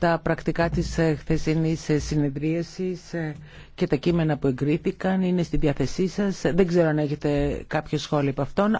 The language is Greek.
τα πρακτικά της ε, χθεσινής ε, συνεδρίασης ε, και τα κείμενα που εγκρίθηκαν είναι στη διάθεσή σας. Δεν ξέρω αν έχετε κάποιο σχόλιο από αυτόν.